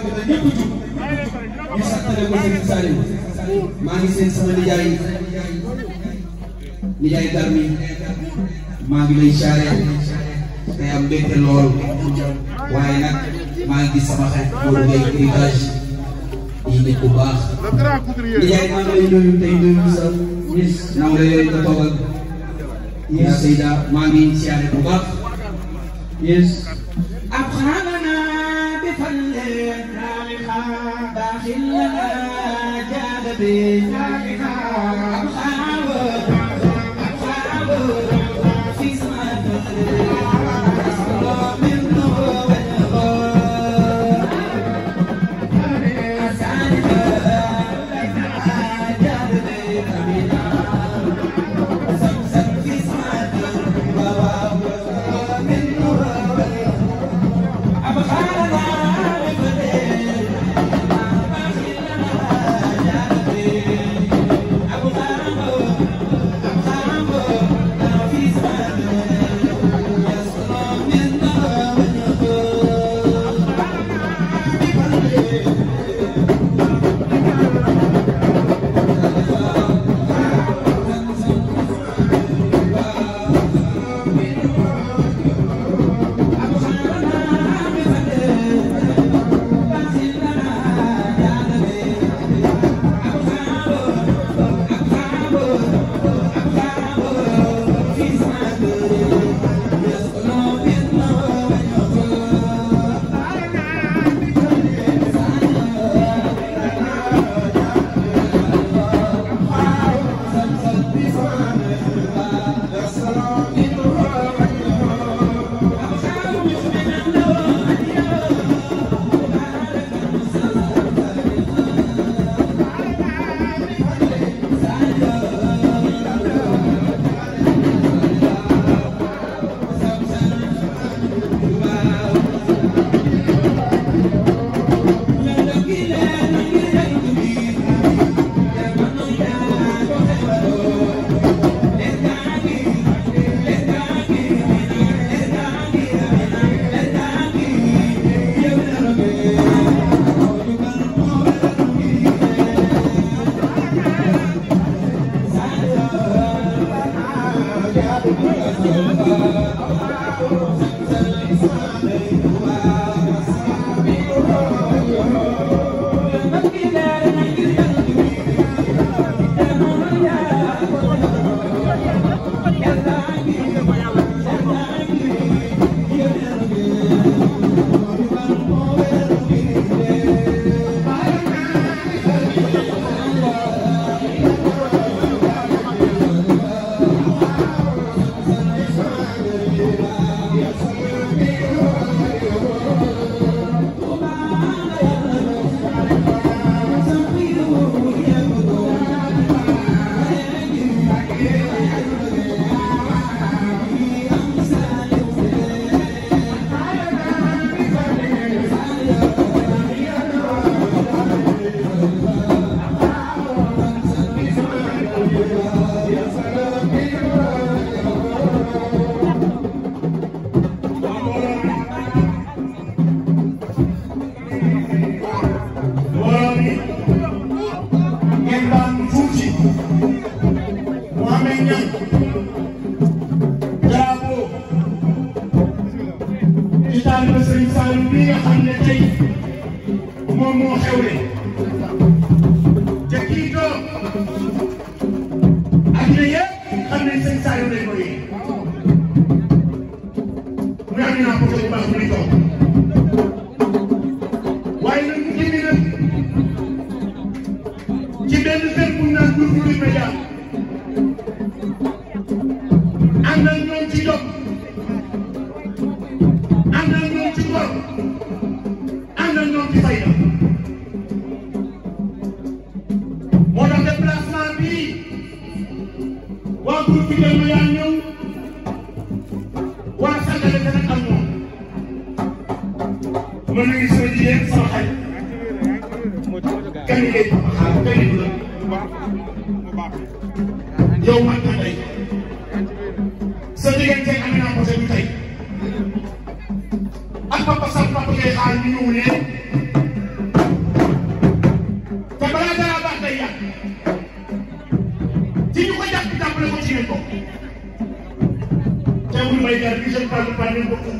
barke ba ñëpp ko Serigne maa ngi seen sama nijaay nijaay Garmi maa ngi lay charré day am mbégte waaye nag maa ngi sama xarit Modou Gueye héritage di nit bu baax nijaay maa ngi lay nuyu tey nuyu sa ñis naa maa ngi charré bu baax yes Krishna. naa ko yow man maa tey sa diggante ak Amina Poté du tey ak papa sax papa ngay xaar ñu ñëw ne te balaa dara baax day yàgg ci ñu ko jàpp jàppale ko ci yéen ko teewul may jar bi je ne parle pas n'importe où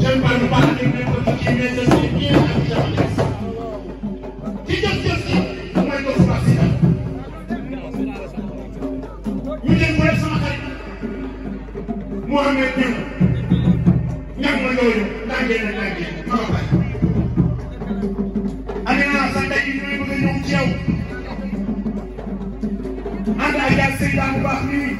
je ne parle pas n'importe qui mais Seydaan bu baax nii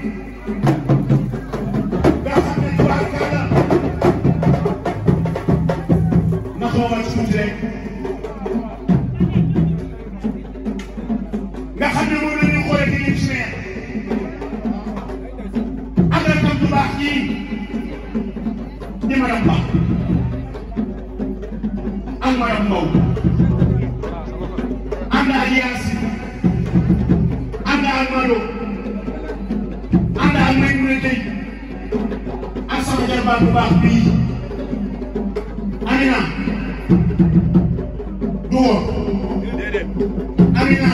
duma Amina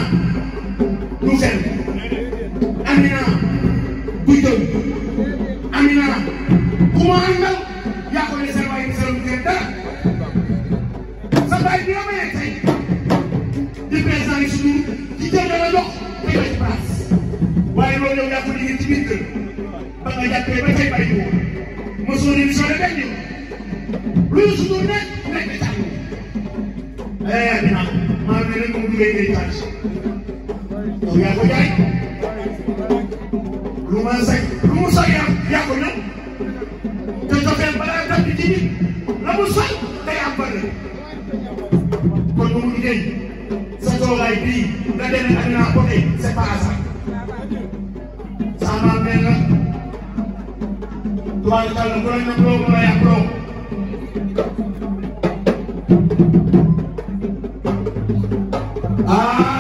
ngay béy tànk yow yaa ko jaay lu ma say yaa yaa ko ñëw te joxeel di ci nit la mu say day am bëri kon bu mu liggéey sa toogaay bii nga demee ak naa ko tey c'est pas ça sama mel na tubaab kàlla bu la ñu ah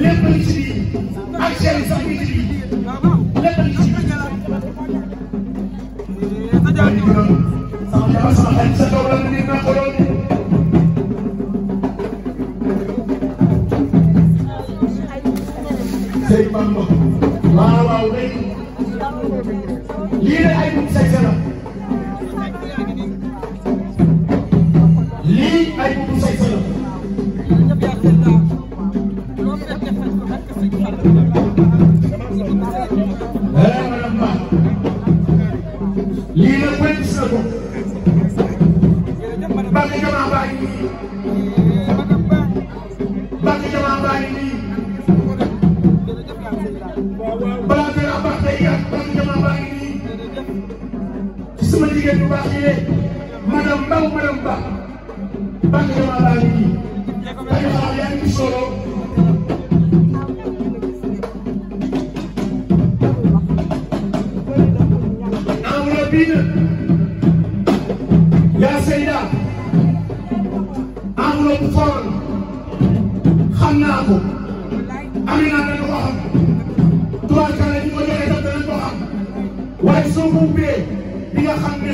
lépp li ci Mbacké Jamaa baa ngi nii Mbacké Jamaa baa ngi nii balaa ngay am baax day yàq Mbacké Jamaa baa ngi nii sama jigéen bu baax yee madame Mbaw madame Ba Mbacké Jamaa baa ngi nii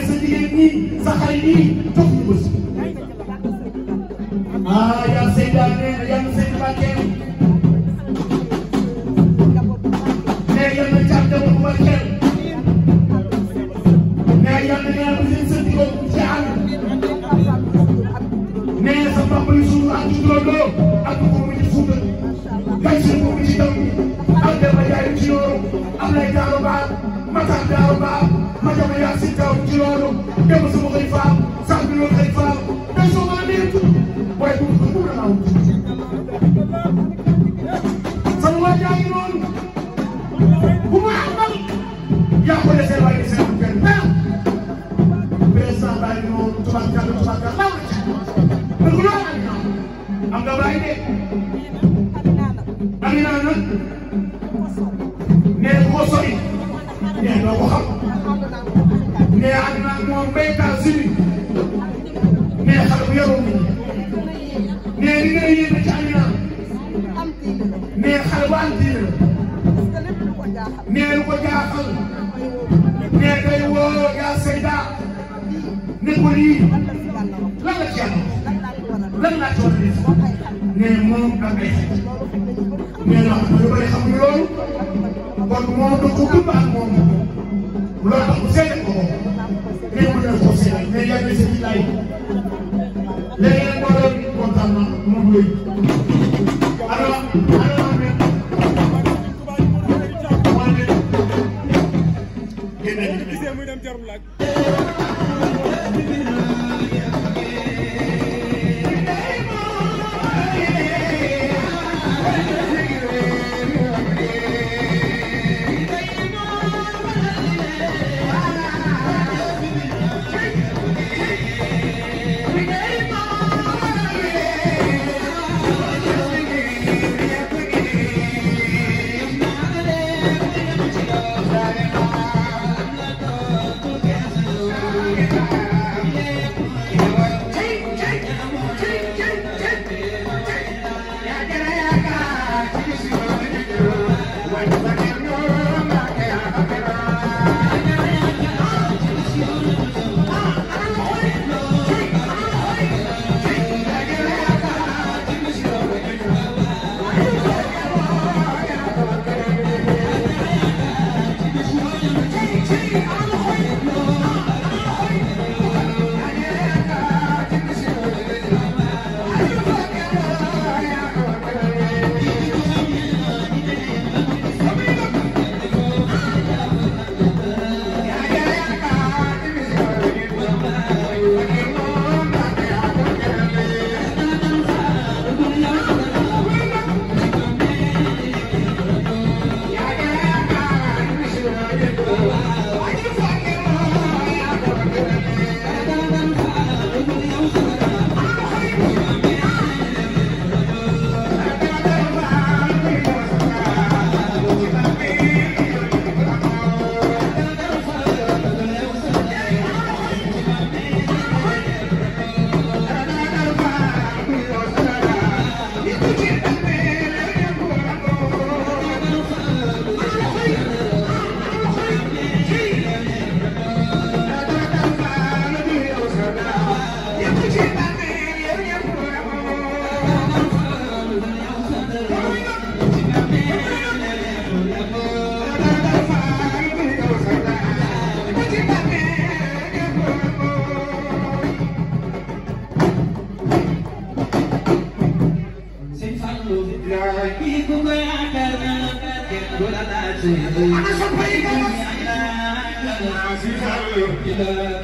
sa jigéen ñi sa xarit yi jox ñu bës. ah yàlla Seydina nee na yàlla Seydina Mbacké. nee yàlla Thiam Demba bu Mbacké. nee yàlla nee na seen sëñ bi ko ci àll. nee sa papa li suuf ak ci doodoo ak Ablaye Daaw Ba Matar Daaw Ba Madiame Yacine Daaw ci loolu dem sama xëy faam sax bi loolu xëy faam day soo mën a nekk waaye bu mu bu mu la aw sama waa jaa ngi noonu bu ma àndal yaa ko desee waaye desee am benn benn président baa ngi noonu tubaab tubaab laaw na ci parce que loolu am nga bàyyi de am naa nag mais doo ko xam mais am naa moom béykat suñu mais xale bu yoroo mais li nga yéene ci Amina mais xale bu am tiir mais lu ko jaaxal mais day woo yaa Seyda ne ko lii lan la ci yàlla lan laa ci war a def mais moom da ngay kon moom da ko dund ak moom loolu tax mu seede ko moom réew mi dana ko seede mais yàlla na si moo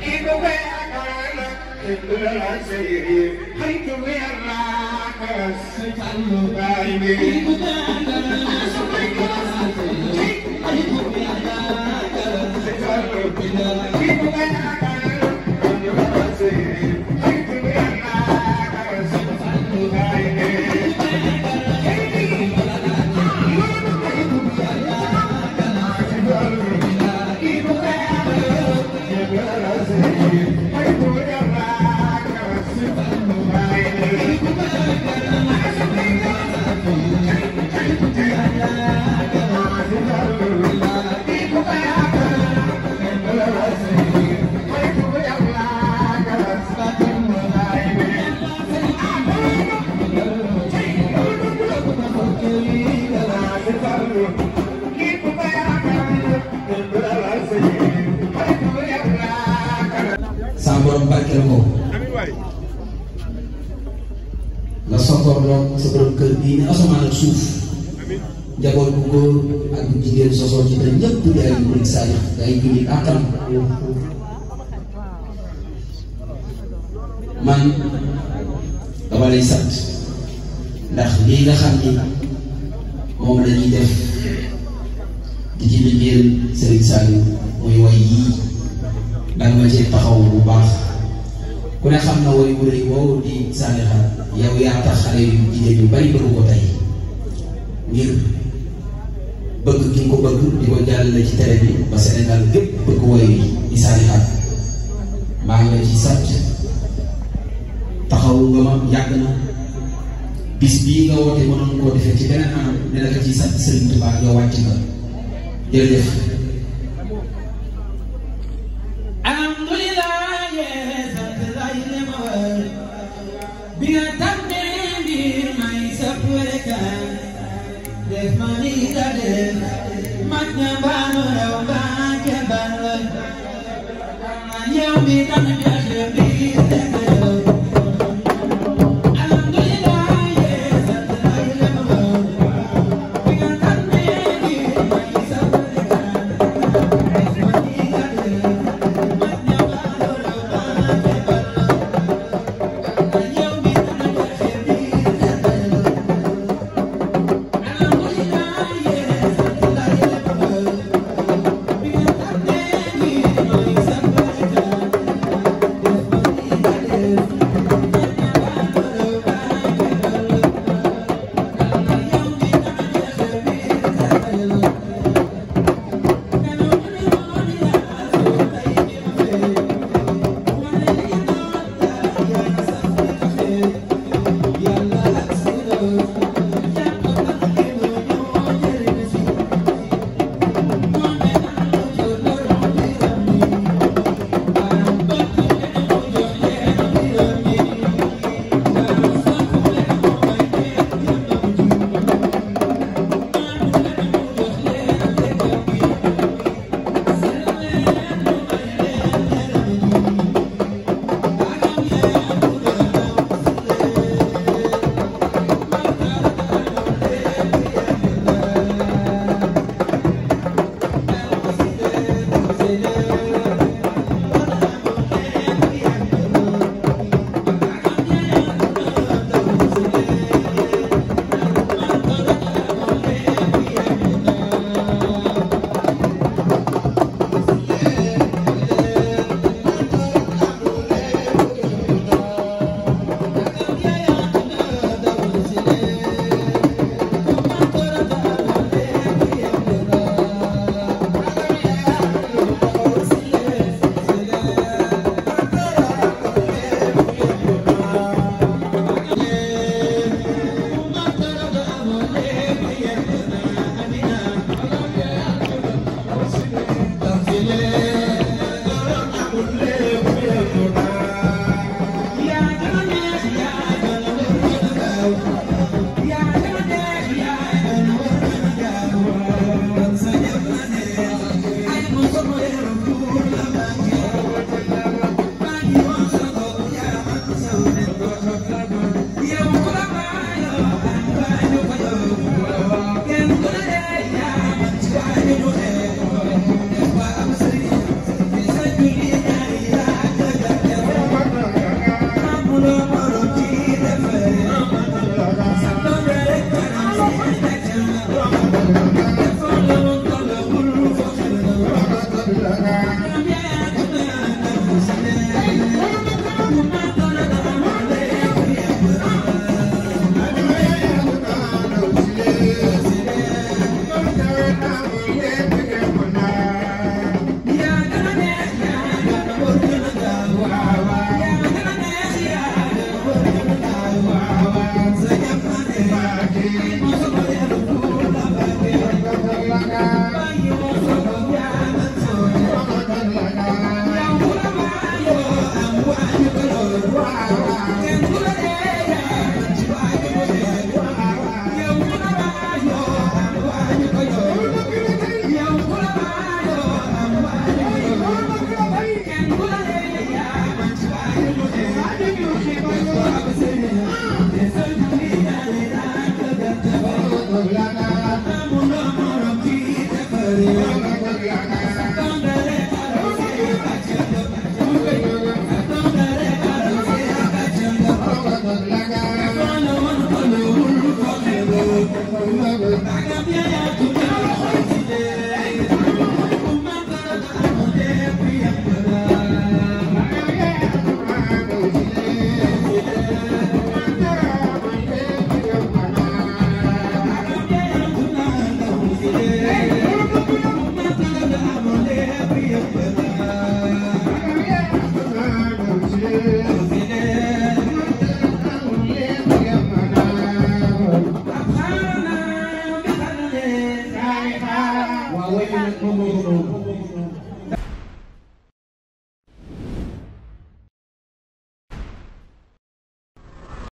keep away agana keep la sayri hayt wirna sitallu baimi keep agana sitallu baimi keep agana sa borom sa borom kër bii ne asamaan ak suuf njaboot bu góor ak bu jigéen sosoo ci te ñëpp di ay murid saalix man dama lay sant ndax lii nga xam ni la ñuy def di ci liggéeyal way yii danga ma cee taxaw bu baax. ku ne xam na way wu rëy woowu di Saliha yow yaa tax xale yu jigéen yu bari bëgg ko tey ngir bëgg ki nga ko bëgg di ko jàllale ci télé bi ba Sénégal gépp bëgg woy wi di Saliha maa ngi lay ci sant taxawu nga ma yàgg na bis bii nga woote mënoon koo defee ci beneen anam ne la ko ci sant Serigne Touba yow wàcc nga jërëjëf. Yeah, we done it, yeah, we done it.